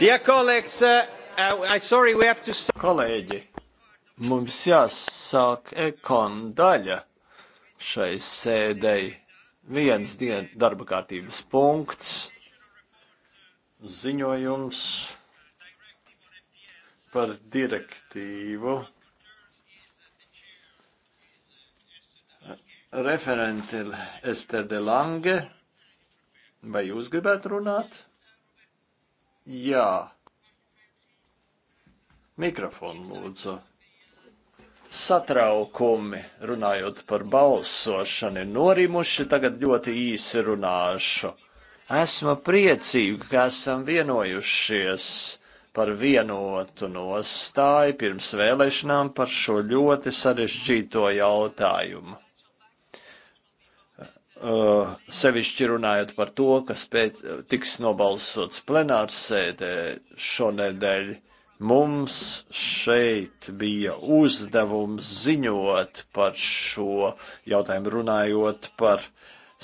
Dear colleagues, uh, uh, I sorry we have to start. Kolēģi, mums jāsāk ekon daļa šai sēdei. Viens dienas darba kārtības punkts, ziņojums par direktīvu. Referenti ir Ester de Lange. Vai jūs gribētu runāt? Jā. Mikrofonu lūdzu. Satraukumi runājot par balsošanu ir norimuši, tagad ļoti īsi runāšu. Esmu priecīga, ka esam vienojušies par vienotu nostāju pirms vēlēšanām par šo ļoti sarežģīto jautājumu. Uh, sevišķi runājot par to, kas pēc, tiks nobalsots plenārs sēdē šonedēļ, mums šeit bija uzdevums ziņot par šo jautājumu runājot par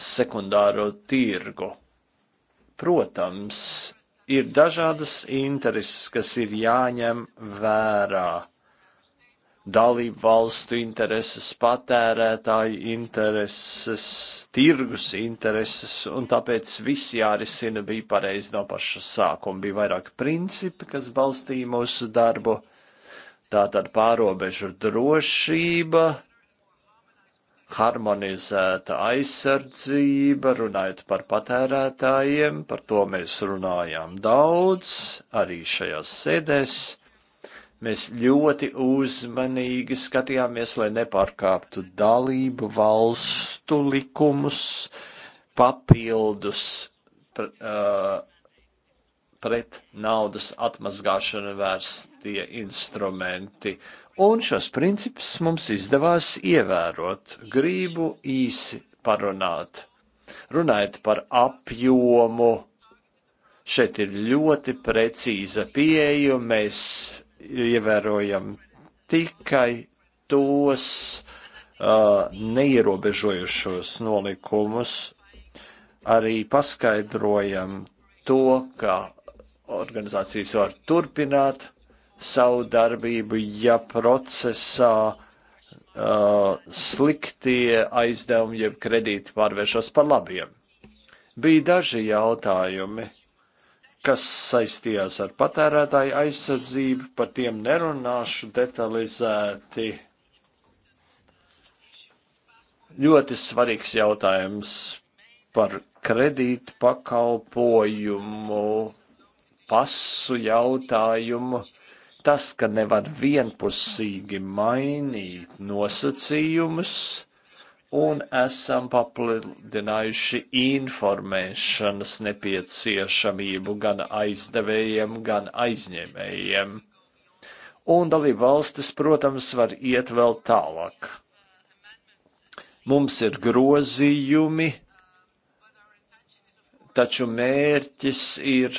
sekundāro tirgu. Protams, ir dažādas intereses, kas ir jāņem vērā dalību valstu intereses, patērētāju intereses, tirgus intereses, un tāpēc viss jārisina bija pareizi no paša sākuma. Bija vairāk principi, kas balstīja mūsu darbu. Tātad pārobežu drošība, harmonizēta aizsardzība, runājot par patērētājiem, par to mēs runājām daudz, arī šajās sēdēs Mēs ļoti uzmanīgi skatījāmies, lai nepārkāptu dalību valstu likumus papildus pre, uh, pret naudas atmazgāšanu vērstie instrumenti. Un šos principus mums izdevās ievērot. Gribu īsi parunāt. Runājot par apjomu, šeit ir ļoti precīza pieeja. Mēs ievērojam tikai tos uh, neierobežojušos nolikumus, arī paskaidrojam to, ka organizācijas var turpināt savu darbību, ja procesā uh, sliktie aizdevumi jeb kredīti pārvēršas par labiem. Bija daži jautājumi kas saistījās ar patērētāju aizsardzību, par tiem nerunāšu detalizēti. Ļoti svarīgs jautājums par kredītu pakalpojumu, pasu jautājumu. Tas, ka nevar vienpusīgi mainīt nosacījumus, un esam papildinājuši informēšanas nepieciešamību gan aizdevējiem, gan aizņēmējiem. Un dalība valstis, protams, var iet vēl tālāk. Mums ir grozījumi, taču mērķis ir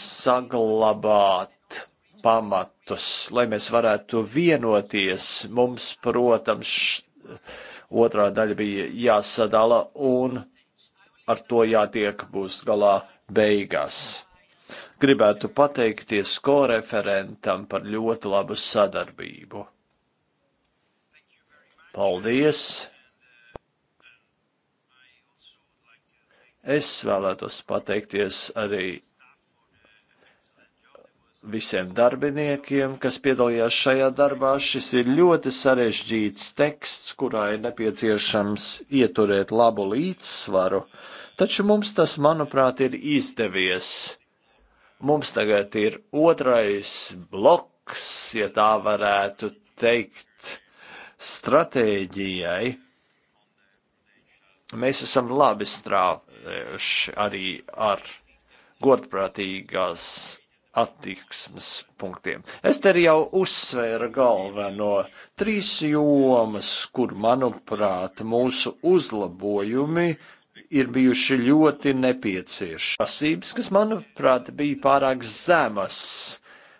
saglabāt pamatus, lai mēs varētu vienoties. Mums, protams, š otrā daļa bija jāsadala un ar to jātiek būs galā beigās. Gribētu pateikties koreferentam par ļoti labu sadarbību. Paldies! Es vēlētos pateikties arī visiem darbiniekiem, kas piedalījās šajā darbā. Šis ir ļoti sarežģīts teksts, kurā ir nepieciešams ieturēt labu līdzsvaru, taču mums tas, manuprāt, ir izdevies. Mums tagad ir otrais bloks, ja tā varētu teikt, stratēģijai. Mēs esam labi strādājuši arī ar godprātīgās attīksmes punktiem. Es te arī jau uzsvēru galveno trīs jomas, kur, manuprāt, mūsu uzlabojumi ir bijuši ļoti nepieciešami. Prasības, kas, manuprāt, bija pārāk zemas,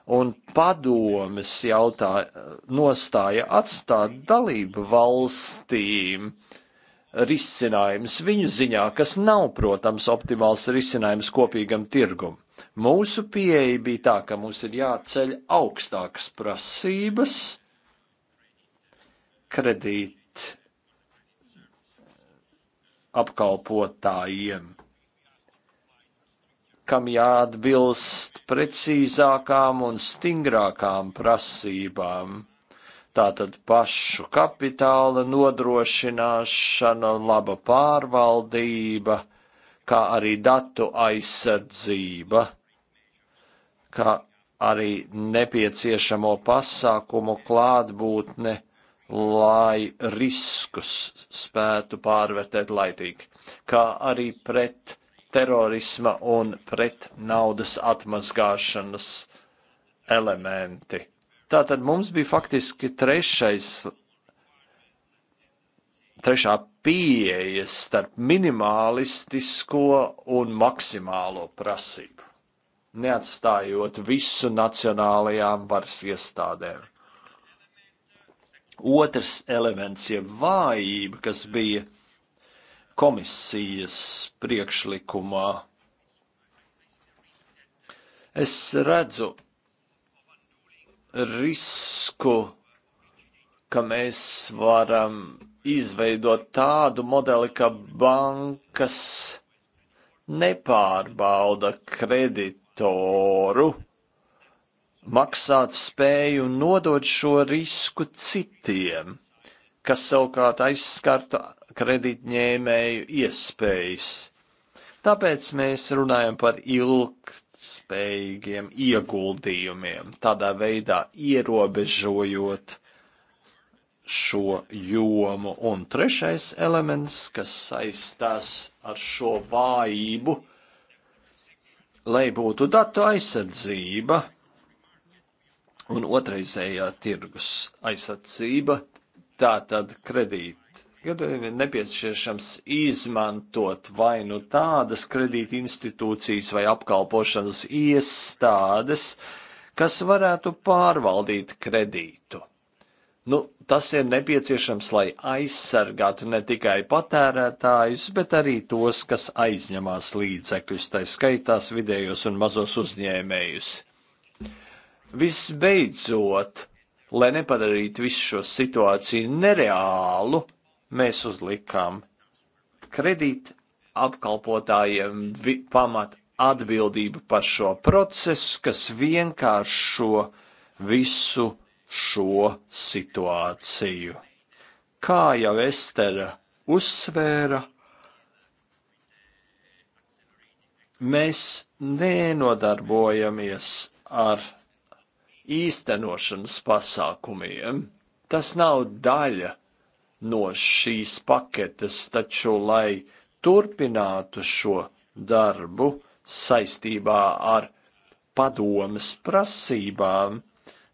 un padomis jautā, nostāja atstāt dalību valstīm risinājums viņu ziņā, kas nav, protams, optimāls risinājums kopīgam tirgumam Mūsu pieeja bija tā, ka mums ir jāceļ augstākas prasības kredīt apkalpotājiem, kam jāatbilst precīzākām un stingrākām prasībām tātad pašu kapitāla nodrošināšana, laba pārvaldība, kā arī datu aizsardzība kā arī nepieciešamo pasākumu klātbūtne, lai riskus spētu pārvērtēt laitīgi, kā arī pret terorisma un pret naudas atmazgāšanas elementi. Tātad mums bija faktiski trešais trešā pieeja starp minimalistisko un maksimālo prasību neatstājot visu nacionālajām varas iestādēm. Otrs elements, jeb vājība, kas bija komisijas priekšlikumā. Es redzu risku, ka mēs varam izveidot tādu modeli, ka bankas nepārbauda kredīt sektoru maksāt spēju un nodot šo risku citiem, kas savukārt aizskarta kredītņēmēju iespējas. Tāpēc mēs runājam par ilgspējīgiem ieguldījumiem, tādā veidā ierobežojot šo jomu. Un trešais elements, kas saistās ar šo vājību, lai būtu datu aizsardzība un otraizējā tirgus aizsardzība, tātad kredīt. Gadījumiem ir nepieciešams izmantot vai nu tādas kredīta institūcijas vai apkalpošanas iestādes, kas varētu pārvaldīt kredītu. Nu, tas ir nepieciešams, lai aizsargātu ne tikai patērētājus, bet arī tos, kas aizņemās līdzekļus, tai skaitās vidējos un mazos uzņēmējus. Visbeidzot, lai nepadarītu visu šo situāciju nereālu, mēs uzlikām kredīt apkalpotājiem pamat atbildību par šo procesu, kas vienkāršo visu šo situāciju. Kā jau Estera uzsvēra, mēs nenodarbojamies ar īstenošanas pasākumiem. Tas nav daļa no šīs paketes, taču, lai turpinātu šo darbu saistībā ar padomas prasībām,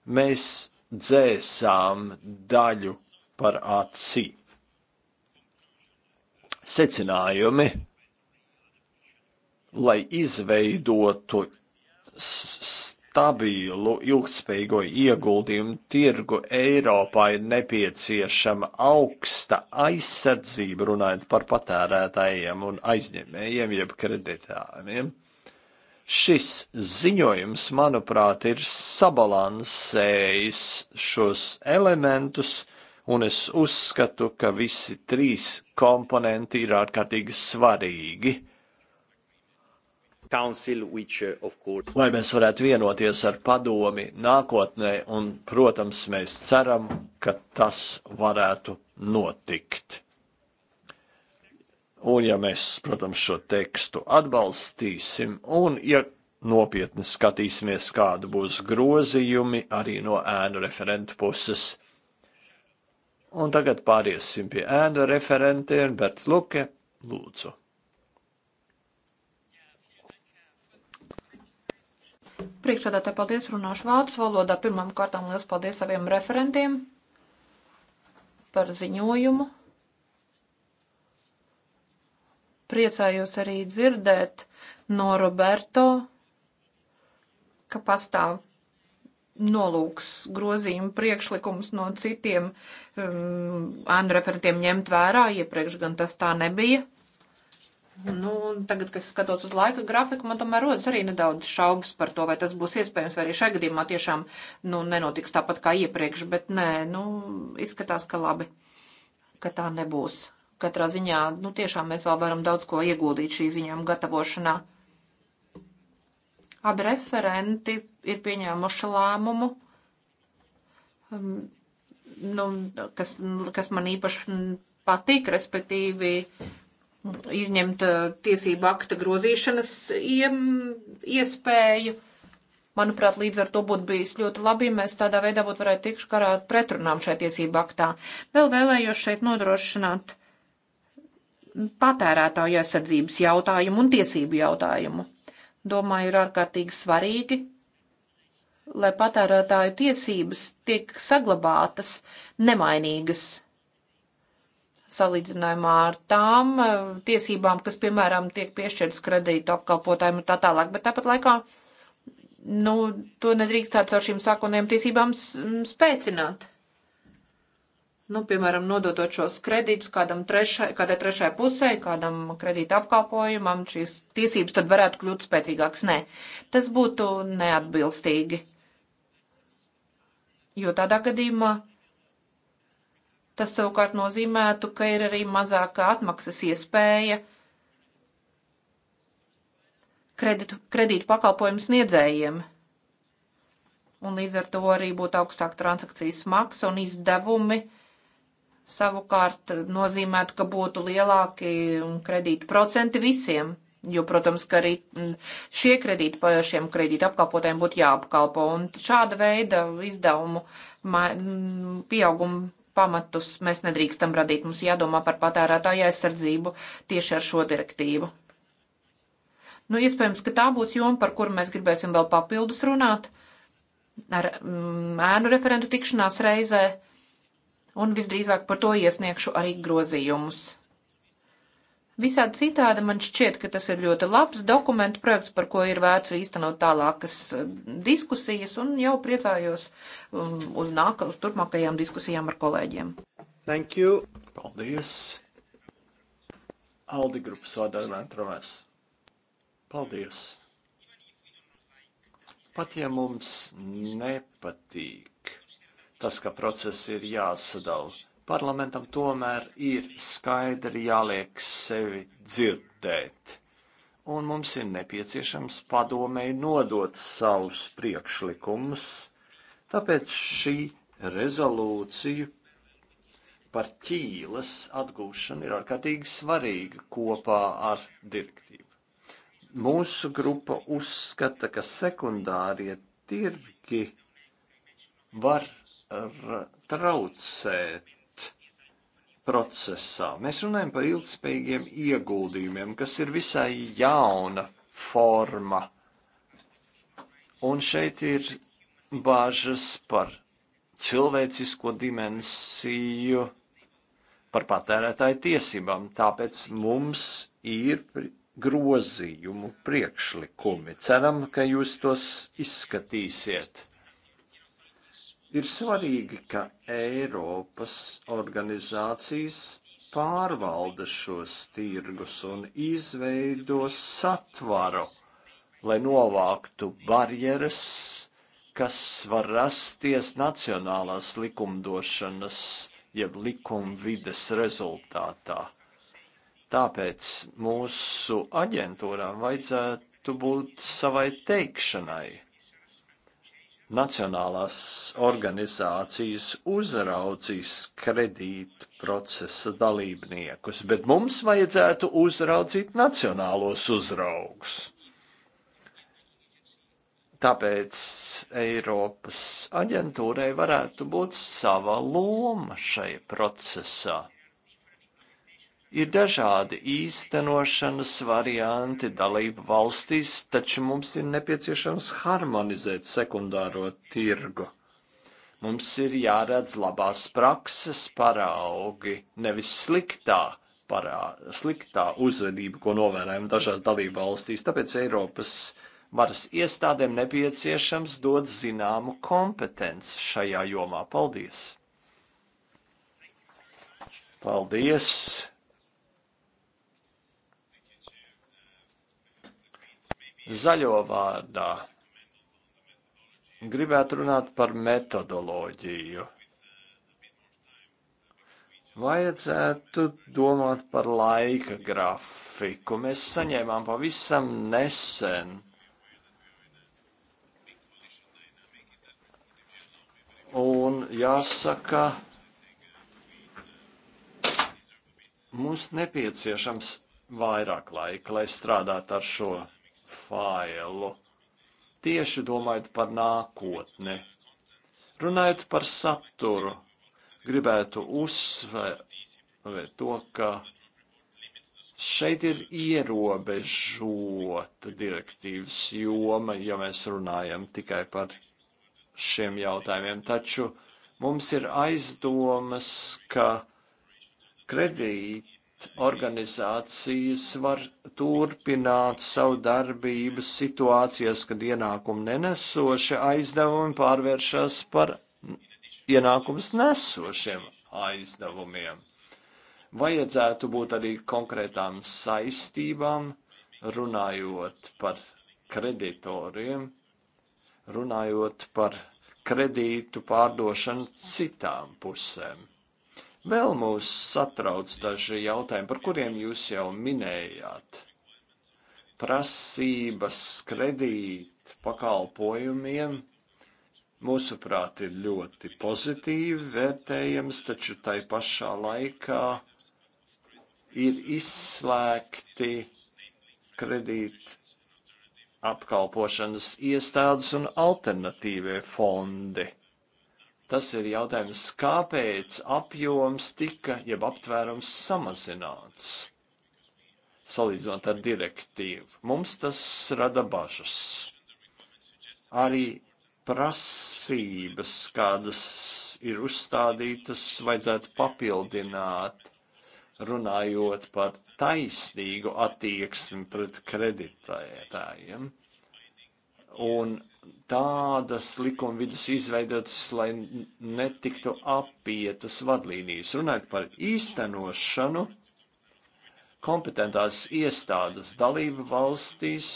mēs dzēsām daļu par acī. Secinājumi, lai izveidotu stabilu, ilgspējīgo ieguldījumu tirgu Eiropā ir nepieciešama augsta aizsardzība runājot par patērētājiem un aizņēmējiem jeb kreditājiem Šis ziņojums, manuprāt, ir sabalansējis šos elementus, un es uzskatu, ka visi trīs komponenti ir ārkārtīgi svarīgi. Council, which, uh, course... Lai mēs varētu vienoties ar padomi nākotnē, un, protams, mēs ceram, ka tas varētu notikt. Un ja mēs, protams, šo tekstu atbalstīsim un, ja nopietni skatīsimies, kāda būs grozījumi arī no ēnu referentu puses. Un tagad pāriesim pie ēnu referentiem. Berts Luke, lūdzu. Priekšādātāji, paldies, runāšu vācu valodā. Pirmām kārtām liels paldies saviem referentiem par ziņojumu. Priecājos arī dzirdēt no Roberto, ka pastāv nolūks grozījumu priekšlikums no citiem um, ēnu referentiem ņemt vērā, iepriekš gan tas tā nebija. Nu, tagad, kad skatos uz laika grafiku, man tomēr rodas arī nedaudz šaubas par to, vai tas būs iespējams, vai arī šajā gadījumā tiešām nu, nenotiks tāpat kā iepriekš, bet nē, nu, izskatās, ka labi, ka tā nebūs. Katrā ziņā, nu tiešām mēs vēl varam daudz ko ieguldīt šī ziņām gatavošanā. Abi referenti ir pieņēmuši lēmumu, um, nu, kas, kas man īpaši patīk, respektīvi izņemt uh, tiesību akta grozīšanas iespēju. Manuprāt, līdz ar to būtu bijis ļoti labi, ja mēs tādā veidā būtu varētu tikšu karāt pretrunām šai tiesību aktā. Vēl vēlējos šeit nodrošināt patērētāju aizsardzības jautājumu un tiesību jautājumu. Domāju, ir ārkārtīgi svarīgi, lai patērētāju tiesības tiek saglabātas nemainīgas salīdzinājumā ar tām eh, tiesībām, kas, piemēram, tiek piešķirtas kredītu apkalpotājiem un tā tālāk. Bet tāpat laikā, nu, to nedrīkstētu ar šīm sākotnējām tiesībām spēcināt nu, piemēram, nododot šos kredītus kādam trešai, kādai trešai pusē, kādam kredīta apkalpojumam, šīs tiesības tad varētu kļūt spēcīgākas. Nē, tas būtu neatbilstīgi. Jo tādā gadījumā tas savukārt nozīmētu, ka ir arī mazāka atmaksas iespēja kreditu, kredītu pakalpojumu sniedzējiem un līdz ar to arī būtu augstāka transakcijas maksa un izdevumi savukārt nozīmētu, ka būtu lielāki kredītu procenti visiem. Jo, protams, ka arī mm, šie kredīti par šiem kredītu apkalpotājiem būtu jāapkalpo. Un šāda veida izdevumu mm, pieaugumu pamatus mēs nedrīkstam radīt. Mums jādomā par patērētāju aizsardzību tieši ar šo direktīvu. Nu, iespējams, ka tā būs joma, par kuru mēs gribēsim vēl papildus runāt ar mm, ēnu referentu tikšanās reizē un visdrīzāk par to iesniegšu arī grozījumus. Visādi citādi man šķiet, ka tas ir ļoti labs dokumentu projekts, par ko ir vērts īstenot tālākas eh, diskusijas, un jau priecājos um, uz, nāk, uz turpmākajām diskusijām ar kolēģiem. Thank you! Paldies! Aldi grupas vārdā Ventrovēs. Paldies! Pat ja mums nepatīk tas, ka process ir jāsadala. Parlamentam tomēr ir skaidri jāliek sevi dzirdēt, un mums ir nepieciešams padomēji nodot savus priekšlikumus, tāpēc šī rezolūcija par ķīles atgūšanu ir ārkārtīgi svarīga kopā ar direktīvu. Mūsu grupa uzskata, ka sekundārie tirgi var traucēt procesā. Mēs runājam par ilgspējīgiem ieguldījumiem, kas ir visai jauna forma. Un šeit ir bāžas par cilvēcisko dimensiju, par patērētāju tiesībām. Tāpēc mums ir grozījumu priekšlikumi. Ceram, ka jūs tos izskatīsiet. Ir svarīgi, ka Eiropas organizācijas pārvalda šos tirgus un izveido satvaru, lai novāktu barjeras, kas var rasties nacionālās likumdošanas jeb likumvides rezultātā. Tāpēc mūsu aģentūrām vajadzētu būt savai teikšanai nacionālās organizācijas uzraudzīs kredītu procesa dalībniekus, bet mums vajadzētu uzraudzīt nacionālos uzraugus. Tāpēc Eiropas aģentūrai varētu būt sava loma šai procesā. Ir dažādi īstenošanas varianti dalību valstīs, taču mums ir nepieciešams harmonizēt sekundāro tirgu. Mums ir jāredz labās prakses paraugi, nevis sliktā, parā, sliktā uzvedība, ko novērojam dažās dalību valstīs. Tāpēc Eiropas varas iestādēm nepieciešams dot zināmu kompetenci šajā jomā. Paldies! Paldies! Zaļo vārdā gribētu runāt par metodoloģiju. Vajadzētu domāt par laika grafiku. Mēs saņēmām pavisam nesen. Un jāsaka, mums nepieciešams vairāk laika, lai strādātu ar šo failu. Tieši domājot par nākotni. Runājot par saturu, gribētu uzsvērt to, ka šeit ir ierobežota direktīvas joma, ja mēs runājam tikai par šiem jautājumiem. Taču mums ir aizdomas, ka kredīti organizācijas var turpināt savu darbību situācijās, kad ienākumu nenesošie aizdevumi pārvēršas par ienākumus nesošiem aizdevumiem. Vajadzētu būt arī konkrētām saistībām, runājot par kreditoriem, runājot par kredītu pārdošanu citām pusēm Vēl mūs satrauc daži jautājumi, par kuriem jūs jau minējāt. Prasības kredīt pakalpojumiem mūsuprāt ir ļoti pozitīvi vērtējams, taču tai pašā laikā ir izslēgti kredīt apkalpošanas iestādes un alternatīvie fondi. Tas ir jautājums, kāpēc apjoms tika, jeb aptvērums samazināts, salīdzinot ar direktīvu. Mums tas rada bažas. Arī prasības, kādas ir uzstādītas, vajadzētu papildināt, runājot par taisnīgu attieksmi pret kreditētājiem. Ja? un tādas likumvidas izveidotas, lai netiktu apietas vadlīnijas. Runājot par īstenošanu, kompetentās iestādes dalību valstīs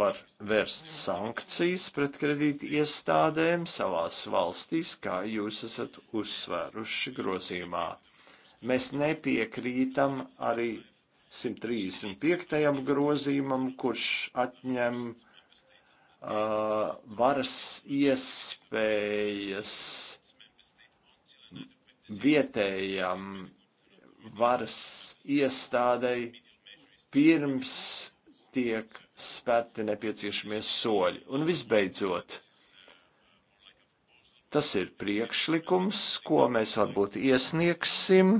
var vērst sankcijas pret kredīti iestādēm savās valstīs, kā jūs esat uzsvēruši grozījumā. Mēs nepiekrītam arī 135. grozījumam, kurš atņem uh, uh, varas iespējas vietējām varas iestādei pirms tiek spērti nepieciešamie soļi. Un visbeidzot, tas ir priekšlikums, ko mēs varbūt iesniegsim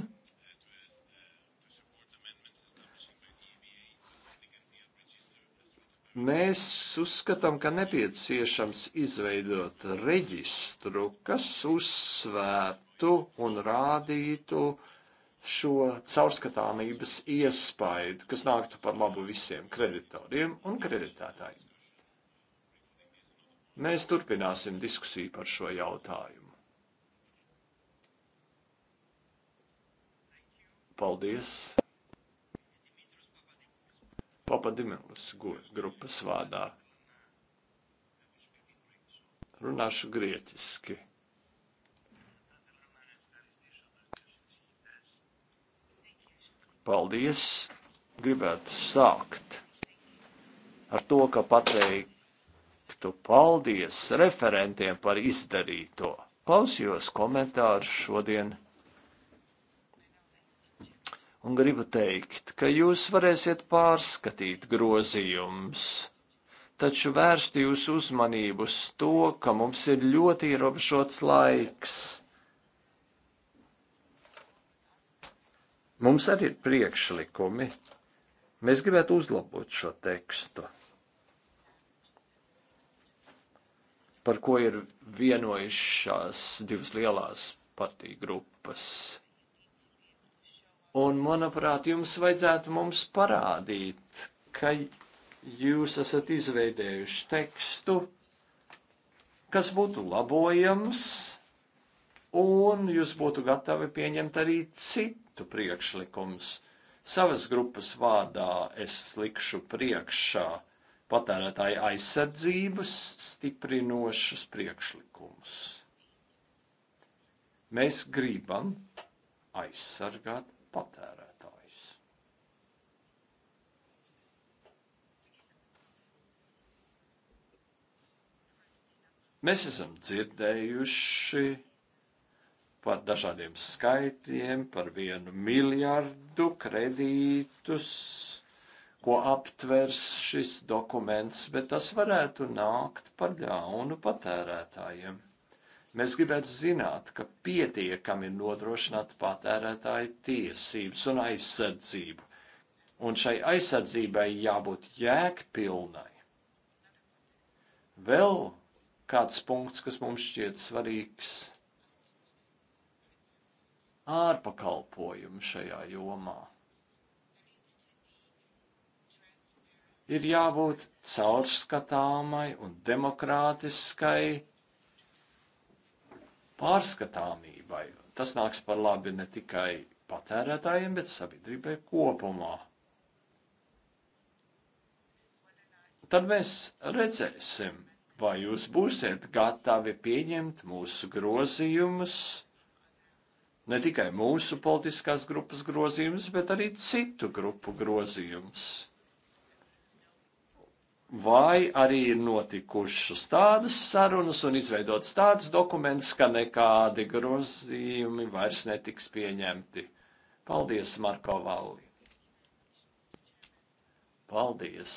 Mēs uzskatām, ka nepieciešams izveidot reģistru, kas uzsvērtu un rādītu šo caurskatāmības iespaidu, kas nāktu par labu visiem kreditoriem un kreditētājiem. Mēs turpināsim diskusiju par šo jautājumu. Paldies! Papadimulis grupas vārdā. Runāšu grieķiski. Paldies! Gribētu sākt ar to, ka pateiktu paldies referentiem par izdarīto. Klausījos komentārus šodien un gribu teikt, ka jūs varēsiet pārskatīt grozījums, taču vērst jūsu uzmanību uz to, ka mums ir ļoti ierobežots laiks. Mums arī ir priekšlikumi. Mēs gribētu uzlabot šo tekstu, par ko ir vienojušās divas lielās partiju grupas. Un, manuprāt, jums vajadzētu mums parādīt, ka jūs esat izveidējuši tekstu, kas būtu labojams, un jūs būtu gatavi pieņemt arī citu priekšlikumus. Savas grupas vārdā es likšu priekšā patērētāju aizsardzības stiprinošus priekšlikumus. Mēs gribam aizsargāt patērētājus. Mēs esam dzirdējuši par dažādiem skaitļiem, par vienu miljardu kredītus, ko aptvers šis dokuments, bet tas varētu nākt par ļaunu patērētājiem. Mēs gribētu zināt, ka pietiekami ir nodrošināta patērētāja tiesības un aizsardzība, un šai aizsardzībai jābūt jēgpilnai. Vēl kāds punkts, kas mums šķiet svarīgs - ārpakalpojumi šajā jomā. Ir jābūt caurskatāmai un demokrātiskai pārskatāmībai. Tas nāks par labi ne tikai patērētājiem, bet sabiedrībai kopumā. Tad mēs redzēsim, vai jūs būsiet gatavi pieņemt mūsu grozījumus, ne tikai mūsu politiskās grupas grozījumus, bet arī citu grupu grozījumus vai arī ir notikušas tādas sarunas un izveidotas tādas dokumentas, ka nekādi grozījumi vairs netiks pieņemti. Paldies, Marko Valli! Paldies!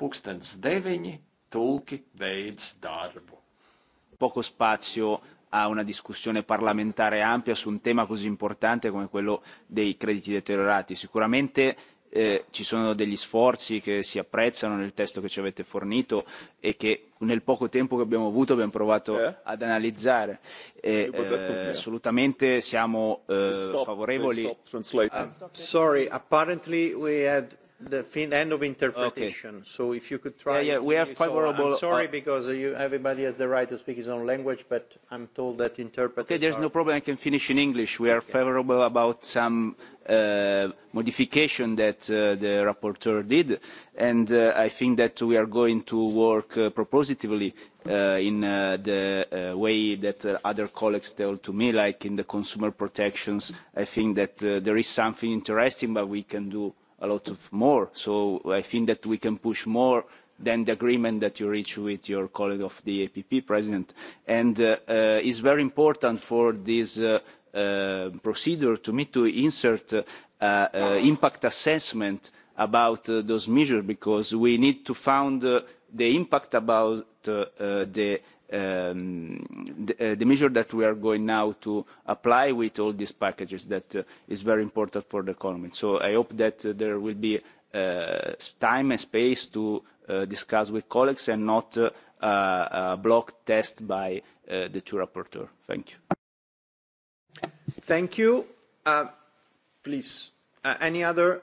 Pūkstens deviņi tulki beidz darbu. Poco spazio a una discussione parlamentare ampia su un tema così importante come quello dei crediti deteriorati. Sicuramente eh, ci sono degli sforzi che si apprezzano nel testo che ci avete fornito e che nel poco tempo che abbiamo avuto abbiamo provato eh? ad analizzare. E, eh, assolutamente siamo eh, stop, favorevoli. Stop uh, sorry, apparently we had the fin end of interpretation. Okay. So if you could try. Yeah, yeah we have favorable. So I'm sorry uh, because you, everybody has the right to speak his own language, but I'm told that interpreters. Okay, there's are... no problem. I can finish in English. We are okay. favorable about some uh, modification that uh, the rapporteur did, and uh, I think that we are going to work uh, propositively uh, in uh, the uh, way that uh, other colleagues tell to me, like in the consumer protections. I think that uh, there is something interesting, but we can do a lot of more. So I think that we can push more than the agreement that you reach with your colleague of the APP president. And uh, uh, it's very important for this uh, uh, procedure to me to insert uh, uh, impact assessment about uh, those measures because we need to found uh, the impact about uh, uh, the um, the, uh, the measure that we are going now to apply with all these packages that uh, is very important for the economy. So I hope that uh, there will be uh, time and space to uh, discuss with colleagues and not uh, uh, a block test by uh, the two rapporteur. Thank you. Thank you. Uh, please, uh, any other?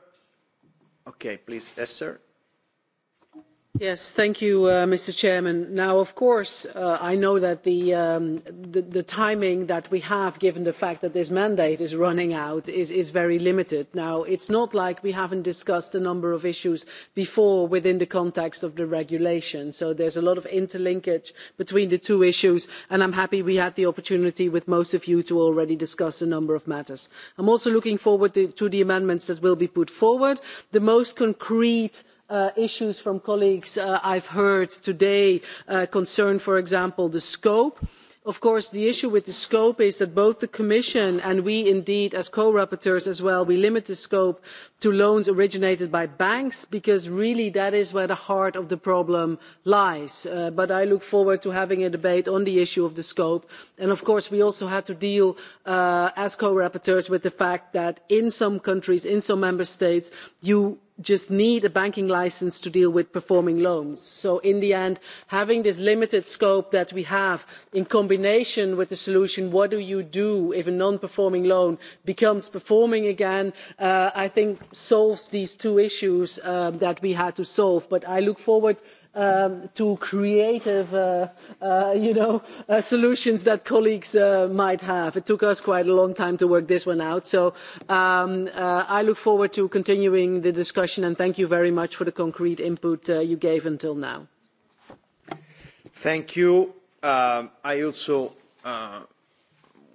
Okay, please, yes, sir. Yes, thank you, uh, Mr. Chairman. Now, of course, uh, I know that the, um, the, the timing that we have, given the fact that this mandate is running out, is, is very limited. Now, it's not like we haven't discussed a number of issues before within the context of the regulation. So there's a lot of interlinkage between the two issues, and I'm happy we had the opportunity with most of you to already discuss a number of matters. I'm also looking forward to, to the amendments that will be put forward. The most concrete uh, uh, issues from colleagues uh, I've heard today uh, concern, for example, the scope. Of course, the issue with the scope is that both the Commission and we indeed as co-rapporteurs as well, we limit the scope to loans originated by banks because really that is where the heart of the problem lies. Uh, but I look forward to having a debate on the issue of the scope. And of course, we also had to deal uh, as co-rapporteurs with the fact that in some countries, in some member states, you just need a banking license to deal with performing loans. So in the end, having this limited scope that we have in combination with the solution, what do you do if a non-performing loan becomes performing again, uh, I think solves these two issues um, that we had to solve. But I look forward um, to creative, uh, uh, you know, uh, solutions that colleagues uh, might have. It took us quite a long time to work this one out. So um, uh, I look forward to continuing the discussion and thank you very much for the concrete input uh, you gave until now. Thank you. Um, I also uh,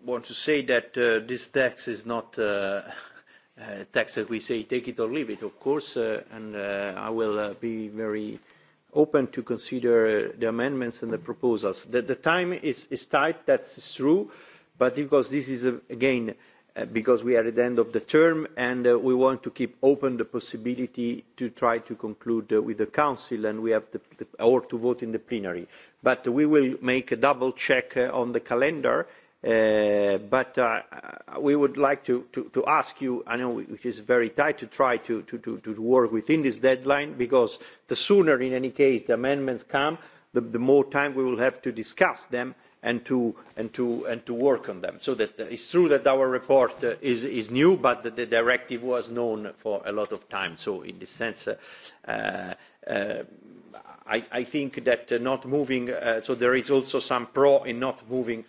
want to say that uh, this tax is not uh, a uh, tax that we say take it or leave it, of course, uh, and uh, I will uh, be very uh, open to consider uh, the amendments and the proposals. The, the time is, is tight, that's true, but because this is, a, uh, again, uh, because we are at the end of the term and uh, we want to keep open the possibility to try to conclude uh, with the Council and we have the, the, or to vote in the plenary. But we will make a double check uh, on the calendar Uh, but uh, we would like to, to, to ask you, I know which is very tight, to try to, to, to, to work within this deadline because the sooner, in any case, the amendments come, the, the more time we will have to discuss them and to, and to, and to work on them. So that uh, it's true that our report uh, is, is new, but the, the directive was known for a lot of time. So in this sense, uh, uh, uh, I, I think that uh, not moving, uh, so there is also some pro in not moving uh,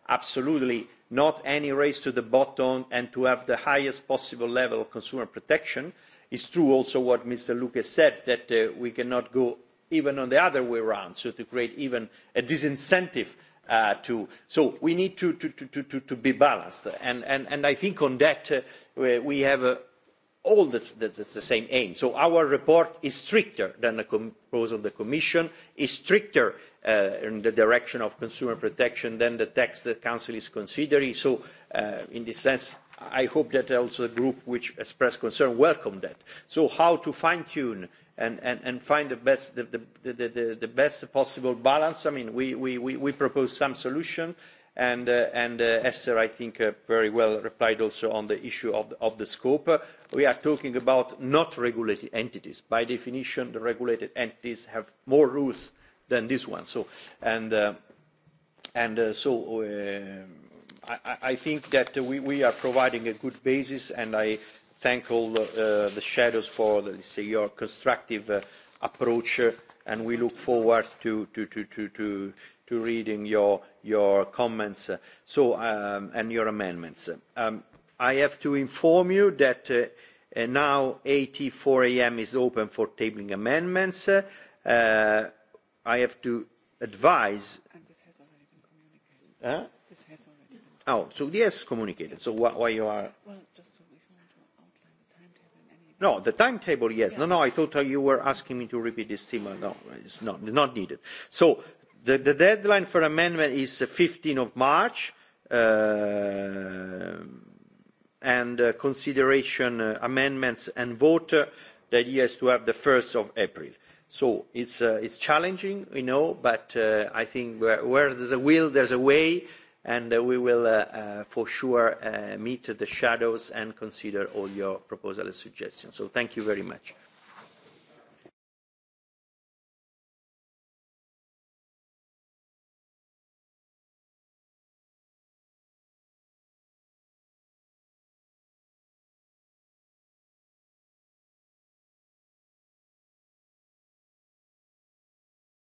absolutely not any race to the bottom and to have the highest possible level of consumer protection. It's true also what Mr. Lucas said, that uh, we cannot go even on the other way around, so to create even a disincentive uh, to. So we need to, to, to, to, to be balanced. And, and, and I think on that, uh, we have a, all that's, that's the same aim. So our report is stricter than the proposal of the Commission, is stricter uh, in the direction of consumer protection than the text the Council is considering. So uh, in this sense, I hope that also the group which expressed concern welcomed that. So how to fine-tune and, and, and find the best, the, the, the, the, the best possible balance? I mean, we, we, we propose some solutions and, uh, and uh, Esther, I think, uh, very well replied also on the issue of the, of the scope. Uh, we are talking about not regulated entities. By definition, the regulated entities have more rules than this one. So, and uh, and uh, so uh, I, I think that we, we are providing a good basis, and I thank all uh, the shadows for, let's say, your constructive uh, approach, uh, and we look forward to to to to. to to reading your, your comments uh, so, um, and your amendments. Um, I have to inform you that uh, uh now 84 a.m. is open for tabling amendments. Uh, uh, I have to advise... And this has already been communicated. Huh? This has already been communicated. Oh, so yes, communicated. So wh why you are... Well, just to No, the timetable, yes. Yeah. No, no, I thought uh, you were asking me to repeat this theme. No, it's not, not needed. So The, the deadline for amendment is 15 uh, of March, uh, and uh, consideration uh, amendments and vote, uh, the idea is to have the 1st of April. So it's, uh, it's challenging, you know, but uh, I think where, where there's a will, there's a way, and uh, we will uh, uh, for sure uh, meet the shadows and consider all your proposals and suggestions. So thank you very much.